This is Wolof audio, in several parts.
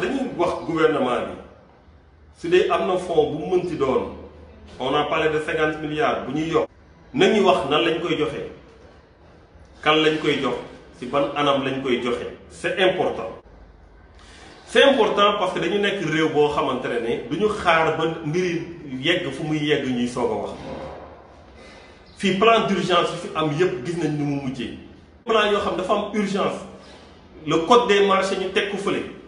sax dañuy wax gouvernement bi su dee am na fonds bu mënti doon on naa parlé de cinquante milliards bu ñuy yokk nañu wax nan lañ koy joxe kan lañ koy jox ci ban anam lañ koy joxe c'est important c'est important parce que dañu nekk réew boo xamante ne du ñu xaar ba mbiri yegg fu muy yegg ñuy soog a wax fii plan d'urgence fi am yépp gis nañ ni mu mujjee plan yoo xam dafa am urgence le code des marchés ñu teg ku fële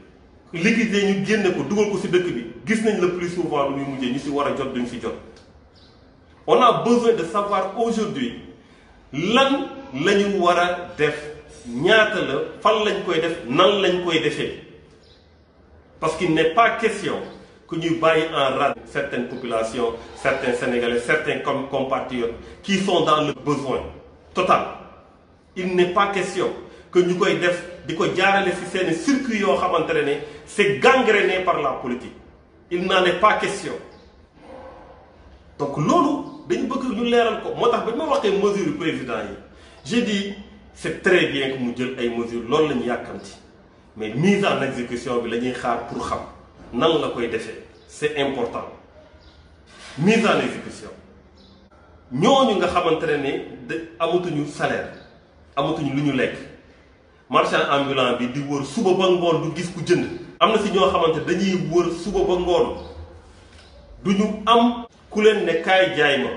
liquidé ñu génne ko dugal ko ci dëkk bi gis nañ le plus souvent lu muy mujjee ñu ci war a jot duñ ci jot on a besoin de savoir aujourd'hui lan la war a def ñaata la fan lañ koy def nan lañ koy defee parce que n'est pas question ku ñuy bàyyi en rade certaines populations certains sénégalais certains compatriotes qui sont dans le besoin total il n'est pas question que ñu koy def di ko jaarale si seeni circuit yoo xamante ne c'est gangréné par la politique il n'en est pas question donc loolu dañu bëgg ñu leeral ko moo tax ba ñu ma waxee mesure président yi j'ai di c'est très bien que mu jël ay mesures loolu la ñu yàkkamti mais mise en exécution bi la ñuy xaar pour xam nan la koy defee c'est important mise en exécution ñooñu nga xamante ne amatuñu salaire amatuñu lu ñu lekk marchand ambulant bi di wër suba ba ngoon du gis ku jënd am na si ñoo xamante dañuy wër suba ba ngoon du ñu am ku leen ne kaay jaay ma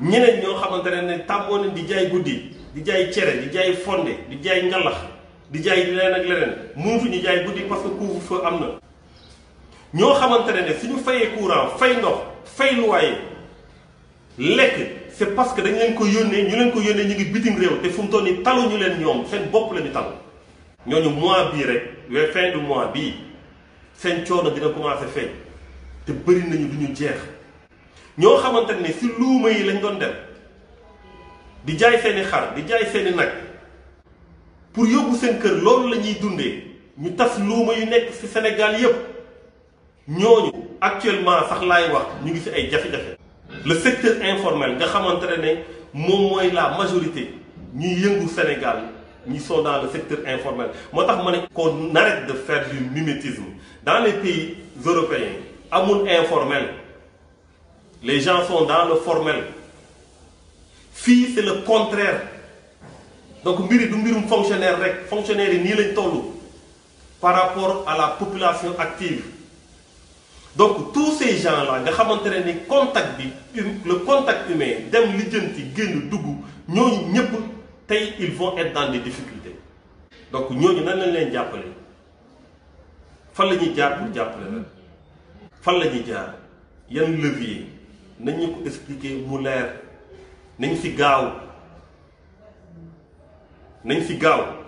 ñeneen ñoo xamante ne ne tàmmoo nañ di jaay guddi di jaay cere di jaay fonde di jaay ngalax di jaay leneen ak leneen ñu jaay guddi parce que couvre am na ñoo xamante ne ne suñu fayee courant fay ndox fay luwaaye lekk c'est parce que dañ leen ko yónnee ñu leen ko yónnee ñu ngi bitim réew te fu mu toll nii talu ñu leen ñoom seen bopp la ñu ñoo ñooñu mois bii rek we fin du mois bii seen coono dina commencé feeñ te bëri nañu du ñu jeex ñoo xamante ne si luuma yi lañ doon dem di jaay seeni xar di jaay seeni nag pour yóbbu seen kër loolu la ñuy dundee ñu tas luuma yu nekk si Sénégal yépp ñooñu actuellement sax laay wax ñu ngi si ay jafe-jafe le secteur informel nga xamante ne moom mooy la majorité ñuy yëngu Sénégal ñi sont dans le secteur informel moo tax ma ne ko arrête de faire du mimétisme dans les pays européens amul informel les gens sont le formel fii c'est le contraire donc mbiri du mbirum fonctionnaire rek fonctionnaire yi nii lañ toll par rapport à la population active donc tous ces gens nga xamante ne ni contact bi le contact humain dem li jën lijjanti génn dugg ñooñu ñëpp tey il vont être dans des difficultés donc ñooñu nan lañ leen jàppale fan la ñuy jaar pour jàppale la fan la ñuy jaar yan levier nañ ñu ko expliquer mu leer nañ fi gaaw nañ fi gaaw.